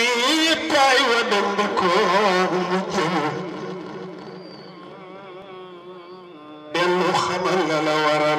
wiitaay wa dende kooru mu jëm dellu xamal la la wara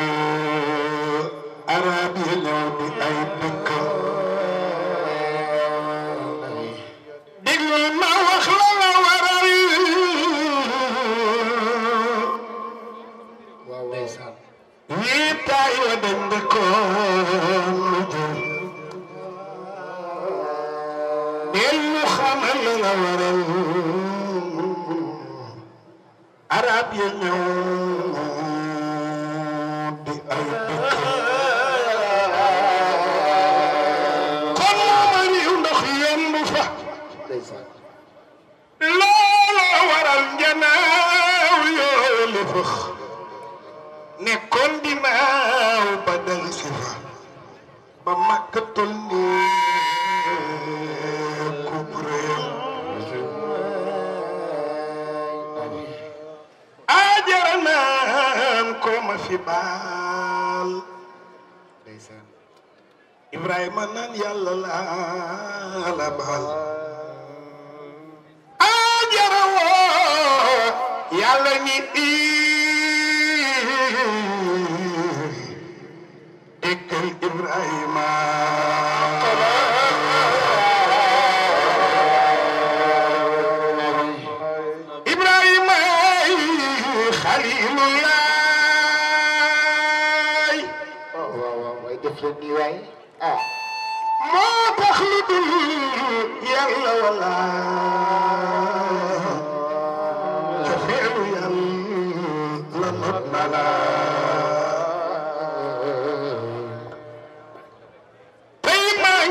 tey maa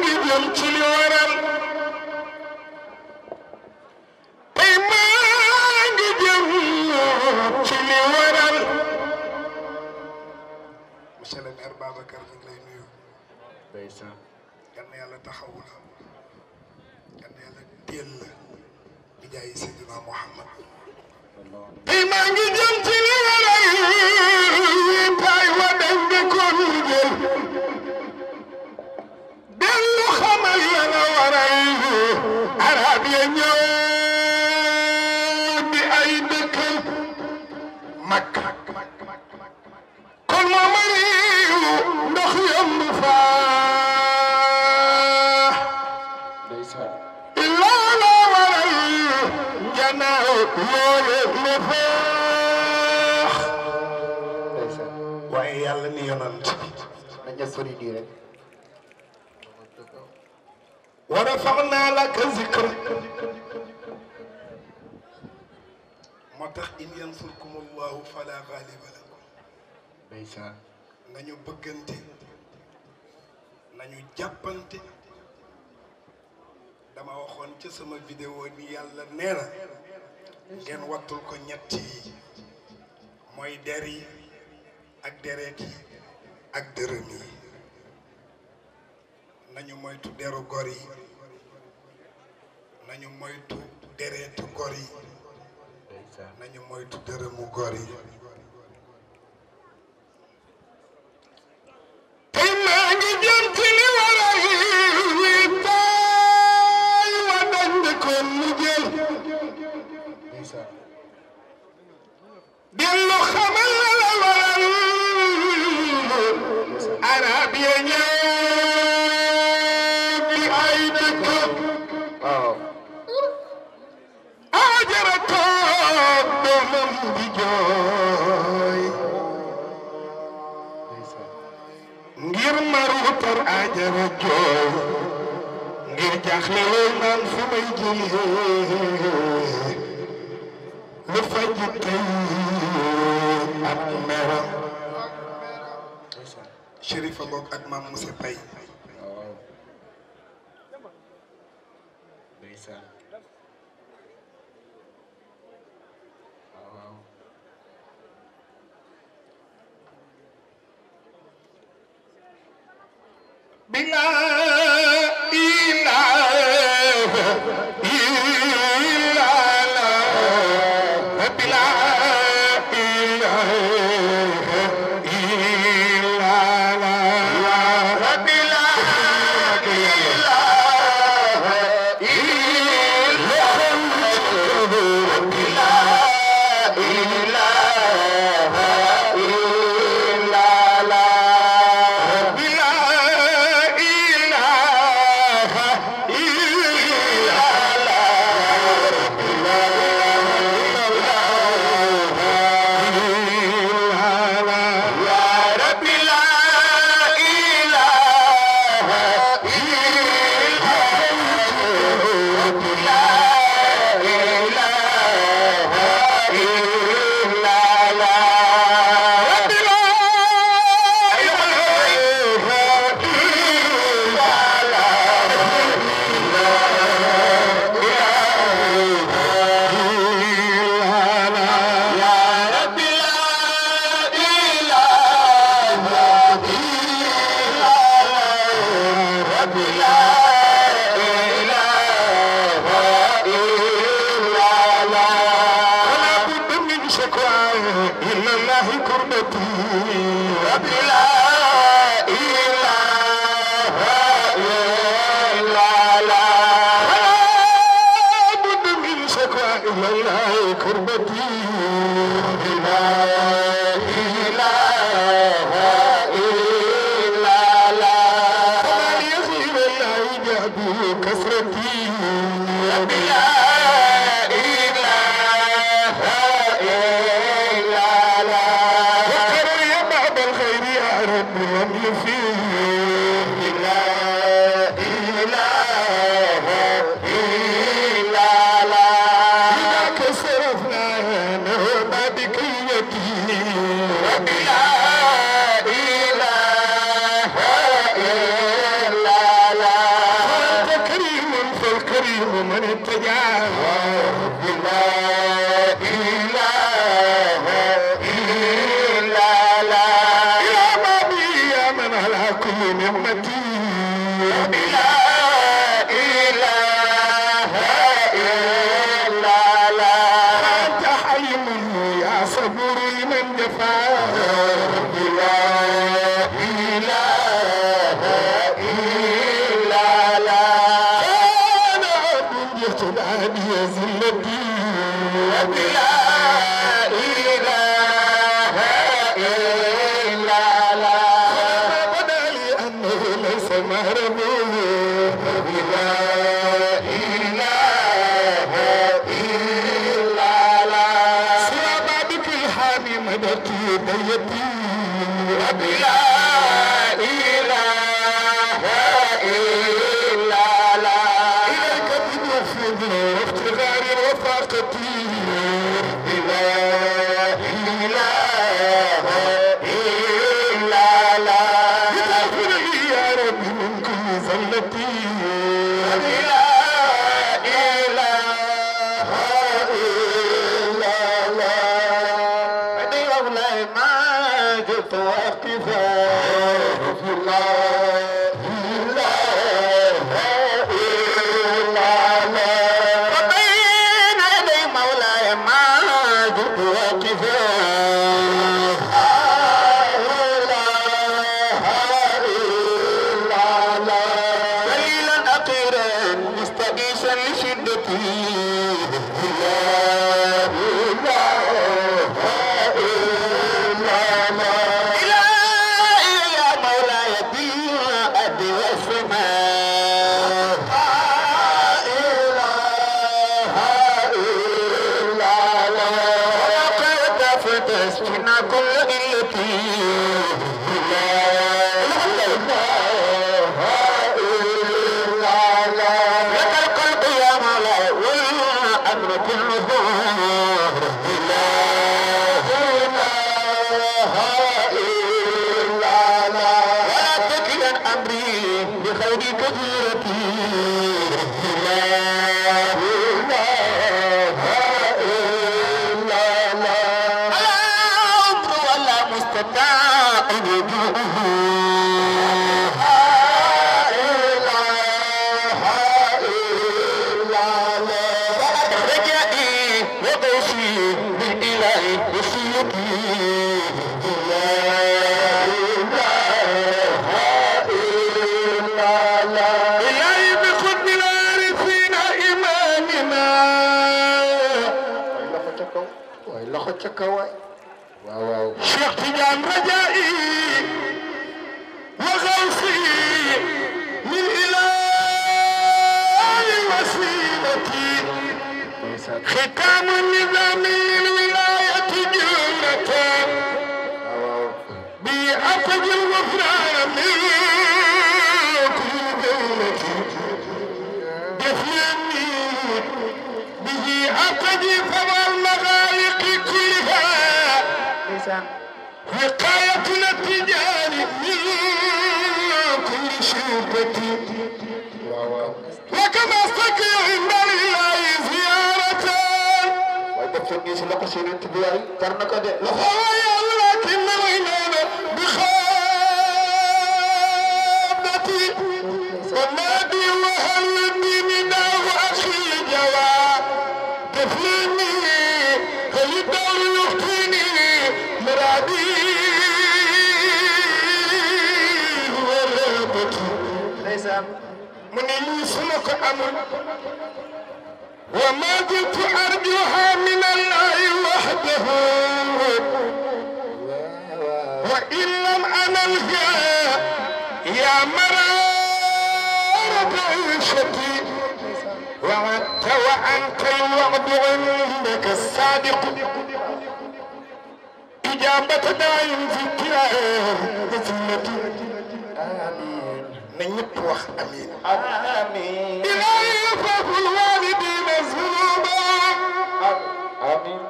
ngi jëm ci kon jël dellu xamal la nga waral arab ya ñëw di ay dëkk mag kon moom réew ndox yomb faa looloo waral gannaaw loole yonant bi wa rafaxnaa laka zikrak moo tax in yansurkum allahu fala gaaliba lakum ndeysaan nañu bëggante nañu jàppante dama waxoon ca sama vidéo ni yàlla nee na ngeen wattul ko ñett yi mooy der ak dereet yi ak dërëm yi nañu moytu deru gor yi nañu moytu dereetu gor yi nañu moytu dërëmu gor dana jooy ngir jaaxle lay naan fu may jëlee lu faj tey ak mera Chérif a bokk ak maam Moussa Paye billah Thank मां जुतो ابنة النذور لا إله إلا أنا ولا تكلن أمري بخير كثيرتي لا naka waay waaw waaw Cheikh Tidiane rajaai wa xawsi min ilaahi wasilati xitaamu nizaami وقايتنا التجار من كل شوبة وكما استكي عند الله زيارة ويدفعني سلقشين انتباعي كرنك دي لخوايا الله كنا وينانا بخير salaam mu ne lii su ma ko amul wa ma kuntu arjuha min allahi wahdahu wa in lam analfiha ya mararata عيشتي وعدت وأنت الوعد عندك الصادق إجابة داعي في الكرام بسمتي آمين na ñëpp wax amiin amiin ilaa yufaful walidina zunuba amiin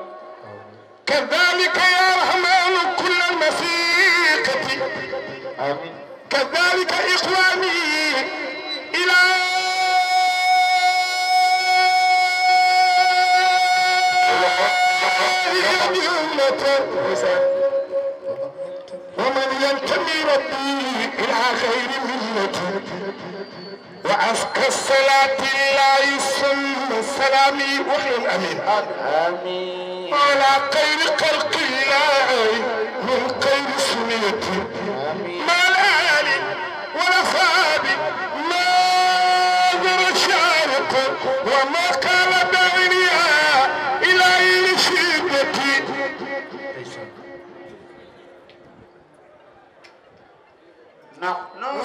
كذلك يا رحمن كل المسيقة آمين كذلك إخواني إلى ومن ينتمي ربي إلى خير منه وأزكى الصلاة الله ثم سلامي وحي أمين آمين على خير قرق الله من خير سنيتي ما ليالي ولا خابي ما ذر شارك وما كان Não. No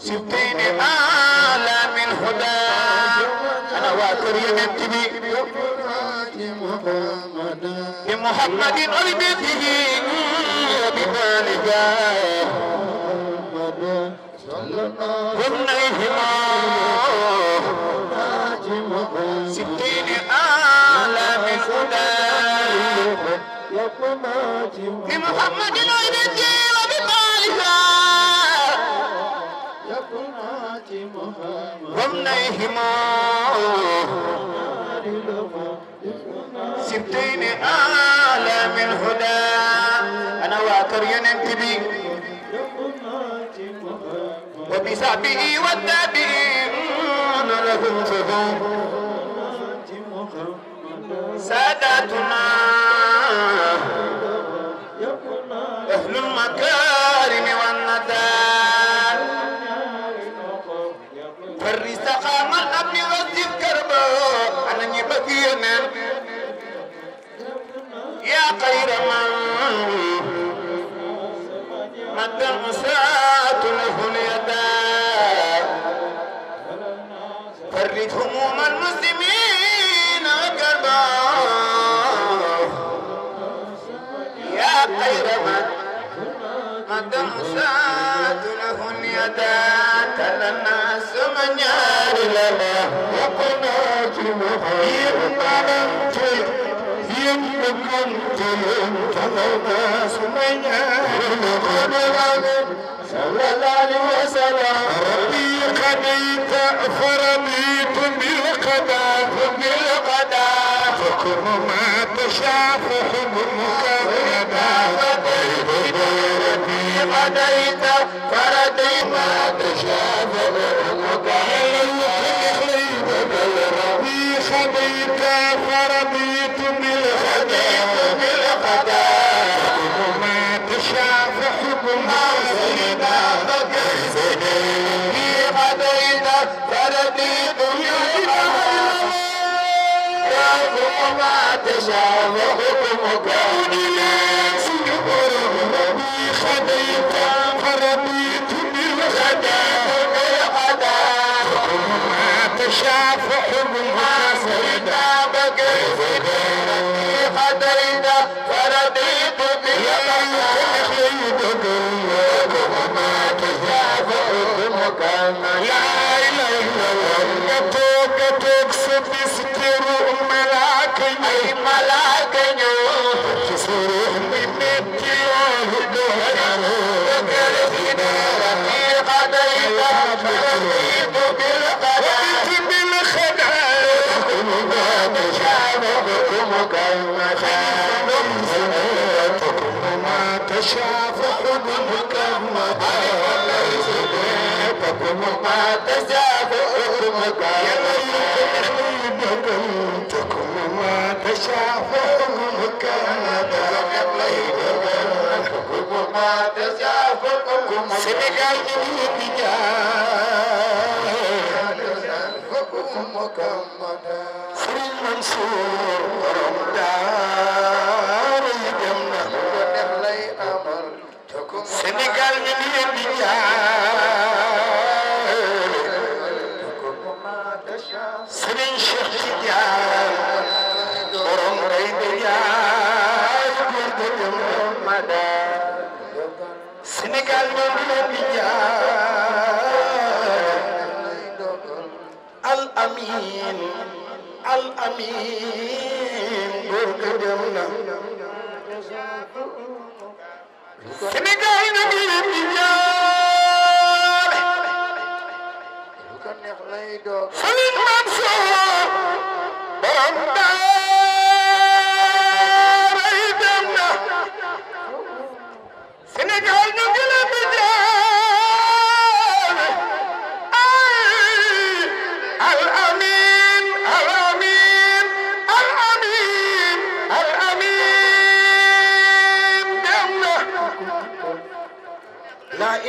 سبين آل من هدى waa kër yonent bi bi muhammadin oli bitihi bi maani jaa hum nayhima ستين عالم هدى بمحمد العبدي وبقالها هم نيهما سبتين أعلى من هدى أنا واكر ينتبي وبسعبه والتابعين لهم فهم ساداتنا عجبا قد سات لهن يدات تلا الناس من يار لنا وقناجمها يما لم يما كنت تلا الناس من صلى الله عليه وسلم ربي قضيت فرضيت بالقضاء بالقضاء خرما تشاف حلمك يدا في غديت فلدي ما تشاف حلمك تشابهكم كوننا سجبر ربي خديت فربيت بالغدا بالغدا ما تشافح ما سيدا بقيت بيني خديت فربيت بالغدا ما تشافحكم كوننا थ शाम Sénégal ji ni bi jaay Serigne Mansour borom daara yi dem na Sénégal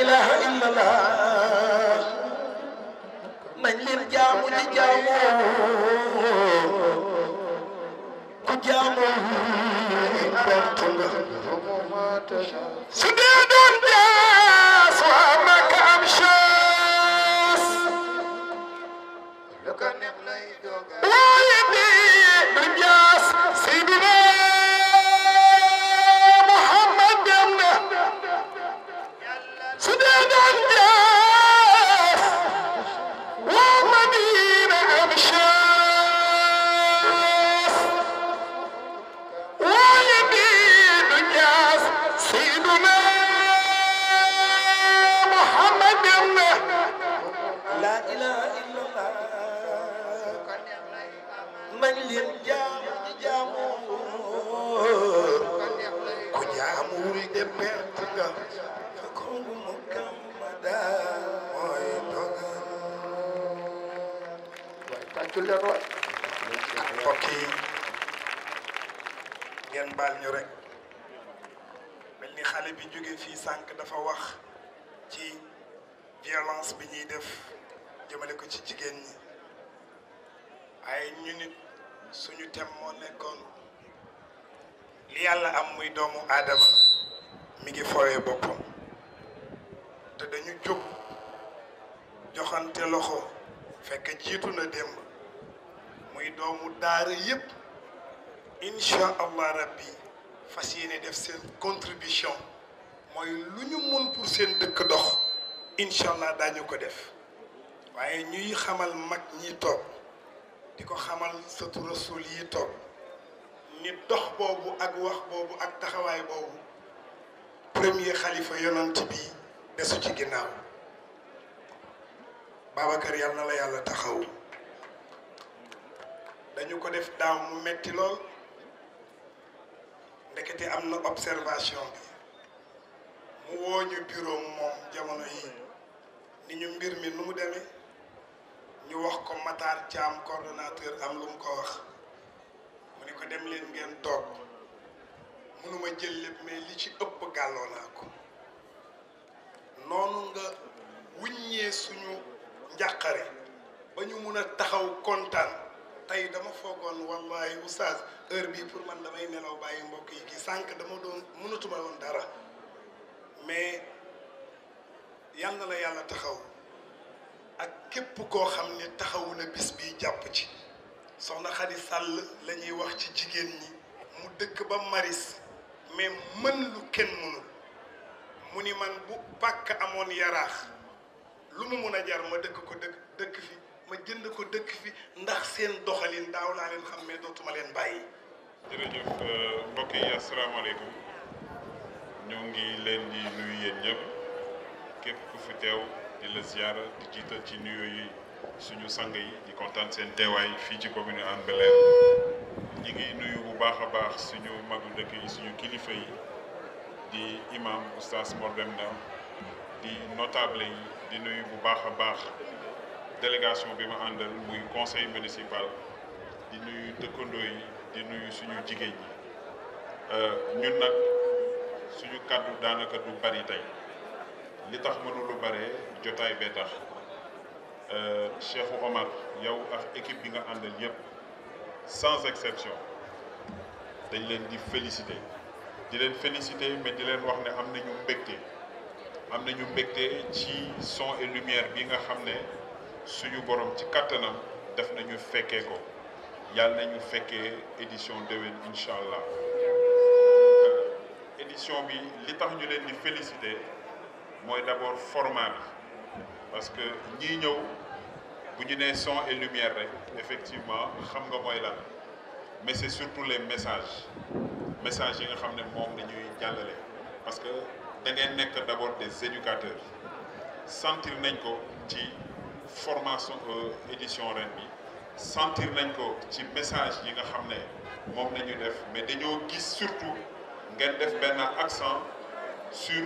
ilaha illallah nañ leen jaamu di jaamu ku jaamu perte nga su dee doon jaas waa Makka am chance waaye ilaha illallah nañ leen jaamu jaamu ku jaamuwul mu kamada mooy dogal waaye tàccu leen waay mbokk yi ngeen baal mel ni xale bi jóge fii sànq dafa wax ci violence bi ñuy def jëmale ko ci jigéen ñi ay ñu nit suñu tem moo nekkoon li yàlla am muy doomu aadama mi ngi fooyee boppam te dañu jóg joxante loxo fekk jiitu na démb muy doomu daara yépp incha allah rabbi fas yéene def seen contribution mooy lu ñu mun pour seen dëkk dox incha allah daañu ko def a ñuy xamal mag ñi toog diko xamal sëtu rasul yi ni dox bobu ak wax bobu ak taxaway bobu premier khalifa yonent bi dessu ci ginnaw babakar la yalla taxaw dañu ko def daaw mu metti lol ndekete amna observation bi mu woñu bureau mom jamono yi ni ñu mbir mi nu ñu wax ko Matar Thiam coordonnateur am lu mu ko wax mu ni ko dem leen ngeen toog mënuma jël lépp mais li ci ëpp gàlloo naa ko noonu nga wuññee suñu njàqare ba ñu mun a taxaw kontaan tey dama foogoon wallahi oustaz heure bii pour man damay nelaw bàyyi mbokk yi kii sànq dama doon mënatuma woon dara mais yal na la yàlla taxaw ak képp koo xam ne taxawu na bis bii jàpp ci soxna Xadi Sàll lañuy wax ci jigéen ñi mu dëkk ba maris mais mën lu kenn mënul mu ni man bu pàkk amoon yaraax lu mu mën a jar ma dëkk ko dëkk dëkk fi ma jënd ko dëkk fi ndax seen doxalin daaw laa leen xam mais dootuma leen bàyyi jërëjëf euh, mbokk yi asalaamaaleykum ñoo ngi leen di nuyu yéen ñëpp képp ku fi teew di la ziara di jiital ci nuyoo yi suñu sang yi di kontaan seen teewaay fii ci commune Hann Bel-Air ñi ngi nuyu bu baax a baax suñu magu dëkk yi suñu kilifa yi di imam oustaz Mor Deme di notable yi di nuyu bu baax a baax délégation bi ma àndal muy conseil municipal di nuyu dëkkandoo yi di nuyu suñu jigéen ñi euh, ñun nag suñu kàddu daanaka du bari tey li tax ma du lu bare jotaay bee tax euh, Cheikh Omar yow ak équipe bi nga àndal yépp sans exception dañ leen di félicité di leen félicité mais di leen wax ne am nañu mbégte am nañu mbégte ci son et lumière bi nga xam ne suñu borom ci kattanam def nañu fekkee ko yàlla nañu fekkee édition déwén incha allah euh, édition bi li tax ñu leen di félicité. Moi d'abord format parce que nous, nous bu ñu son et lumière effectivement xam nga mooy là. mais c'est surtout les messages messages que nga xam ne moom parce que nous sommes d'abord des éducateurs sentir nañ ko ci formation euh, édition ren bi sentir nañ ko ci message que nga xam ne mais nous qui surtout nous def benn accent sur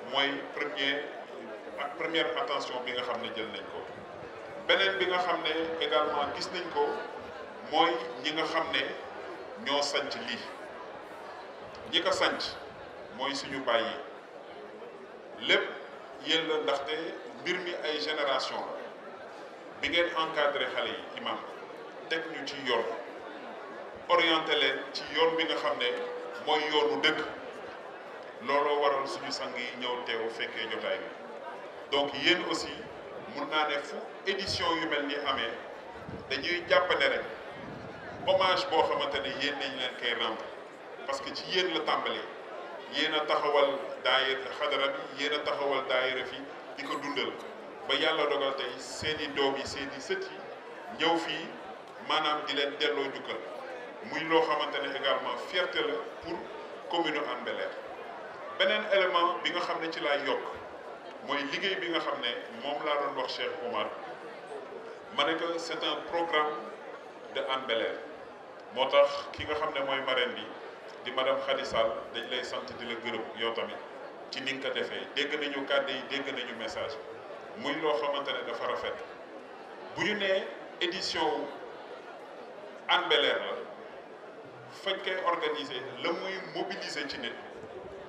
moy premier ak première attention bi nga xamné jël nañ ko benen bi nga xamné également gis nañ ko moy ñi nga xamné ño ñoo li lii ñi ko sanc mooy suñu bayyi lépp yéen la ndaxte mbir mi ay génération bi ngeen encadré xalé yi imam teg ñu ci yor orienté leen ci yor bi nga xamné moy yoonu dëkk loro waral suñu sang yi ñëw teew fekkee jotaay bi donc yeen aussi mën na ne fu édition yu melni amé dañuy jàpp né rek hommage boo xamante yeen yéen nañ leen kay ram parce que ci yeen la tambalé yeena taxawal daayir xadra bi yeena taxawal daayira fi diko dundal ba yalla dogal tay seeni doom yi seeni sët yi ñëw fi manam di leen delloo jukkal muy lo xamante ne également fierté la pour commune Hann benen élément bi nga xamné ci laa yok moy liguey bi nga xamné mom la doon wax Cheikh Oumar mané que c'est un programme de Hann motax ki nga xamné moy mooy marraine bi di madame khadissal Sall dañ lay sant di la gërëm yow tamit ci ni nga ko dégg nañu kàddu yi dégg nañu message muy lo xamante ne dafa rafet bu ñu nee édition wu la fañ koy organiser la muy mobiliser ci nit.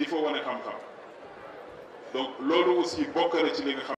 di fa wane xam-xam donc loolu aussi bokk na ci li nga xam